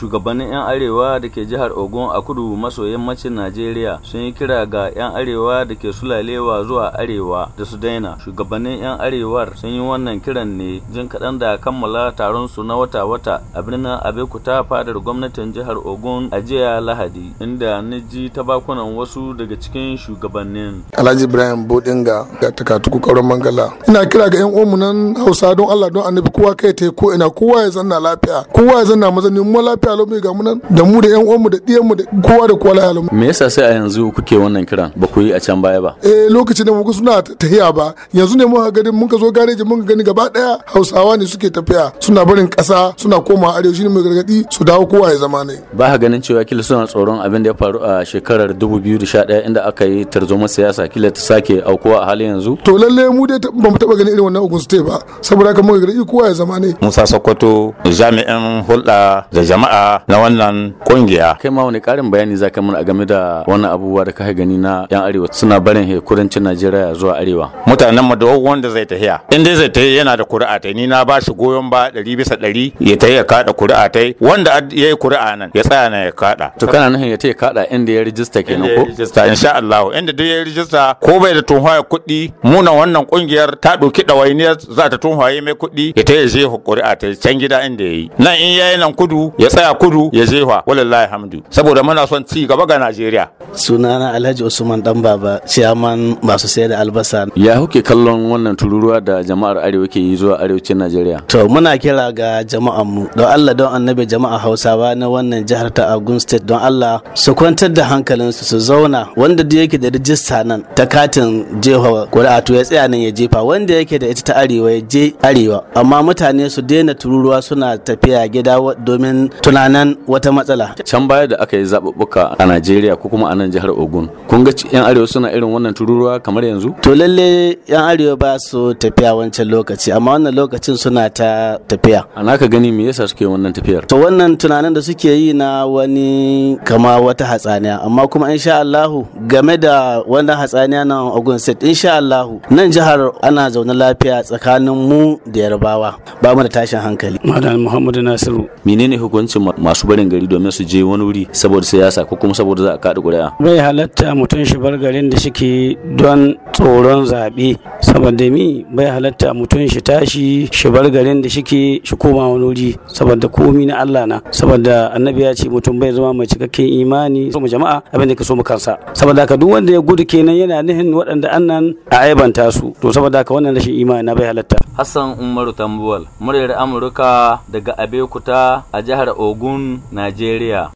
shugabannin 'yan arewa da ke jihar ogun a kudu maso yammacin najeriya sun yi kira ga 'yan arewa da ke sulalewa zuwa arewa da su daina shugabannin 'yan arewar sun yi wannan kiran ne jin kaɗan da kammala taron su na wata-wata a birnin abekuta fadar gwamnatin jihar ogun a jiya lahadi inda na ji bakunan wasu daga cikin shugabannin alhaji ibrahim bodinga ga takatuku kauran mangala ina kira ga 'yan uwanmu nan hausa don allah don annabi kowa kai ta ko ina kowa ya zanna lafiya kowa ya zanna mazanin mu lafiya lafiya mai gamu nan da mu da yan uwanmu da ɗiyanmu da kowa da kowa me yasa sai a yanzu kuke wannan kiran ba ku yi a can baya ba. eh lokacin da muka suna tafiya ba yanzu ne muka gani muka zo gareji muka gani gaba daya hausawa ne suke tafiya suna barin kasa suna koma arewa shine mai gargadi su dawo kowa ya zama ne. ba ka ganin cewa kila suna tsoron abin da ya faru a shekarar 2011 inda aka yi tarzoma siyasa kila ta sake aukuwa a halin yanzu. to lalle mu dai ba mu taba ganin irin wannan ogun state ba saboda haka muka gargaɗi kowa ya zama ne. musa sokoto jami'in hulɗa da jama'a na wannan kungiya kai ma wani karin bayani za ka mana game da wannan abubuwa da ka gani na yan arewa suna barin kudancin najeriya zuwa arewa mutanen mu duk wanda zai tafiya in dai zai tafiya yana da kuri'a ta ni na ba shi goyon ba ɗari bisa ɗari ya tafi ya kaɗa kuri'a ta wanda ya yi kuri'a nan ya tsaya na ya kaɗa to kana nufin ya tafi kaɗa inda ya rijista kenan ko rijista insha Allah inda duk ya rijista ko bai da tunhaya kuɗi muna wannan kungiyar ta ɗauki ɗawainiyar za ta tunhaye mai kuɗi ya tafi je kuri'a ta can gida inda ya nan in yayi nan kudu ya tsaya kudu ya jefa walillahi hamdu saboda muna son ci gaba ga Najeriya sunana alhaji usman dan baba ciyaman masu sayar da albasa ya kuke kallon wannan tururuwa da jama'ar arewa ke yi zuwa arewacin najeriya to muna kira ga jama'an mu don allah don annabi jama'a hausawa na wannan jihar ta agun state don allah su kwantar da hankalinsu su zauna wanda da yake da rijista nan ta katin jeho kuri'a to ya tsaya nan ya jefa wanda yake da ita ta arewa ya je arewa amma mutane su daina tururuwa suna tafiya gida domin tunanan wata matsala can baya da aka yi zaɓuɓɓuka a najeriya ko kuma a nan jihar Ogun kun ga yan arewa suna irin wannan tururuwa kamar yanzu to lalle yan arewa ba su tafiya wancan lokaci amma wannan lokacin suna ta tafiya A ka gani me yasa suke wannan tafiyar to wannan tunanin da suke yi na wani kama wata hatsaniya amma kuma insha Allahu game da wannan hatsaniya na Ogun State insha Allahu nan jihar ana zaune lafiya tsakanin mu da Yarbawa ba mu da tashin hankali madan Muhammadu Nasiru menene hukuncin masu barin gari domin su je wani wuri saboda siyasa ko kuma saboda za a kaɗa ƙuri'a bai halatta mutum shi bar garin da ke don tsoron zaɓe saboda mi bai halatta mutum shi tashi shi bar garin da ke shi koma wani wuri saboda komi na Allah na saboda annabi ya ce mutum bai zama mai cikakken imani mu jama'a abin da ka so mu kansa saboda ka duk wanda ya gudu kenan yana nihin waɗanda annan a aibanta su to saboda ka wannan rashin imani na bai halatta Hassan Umaru Tambuwal muryar Amurka daga Abeokuta a jihar Ogun Najeriya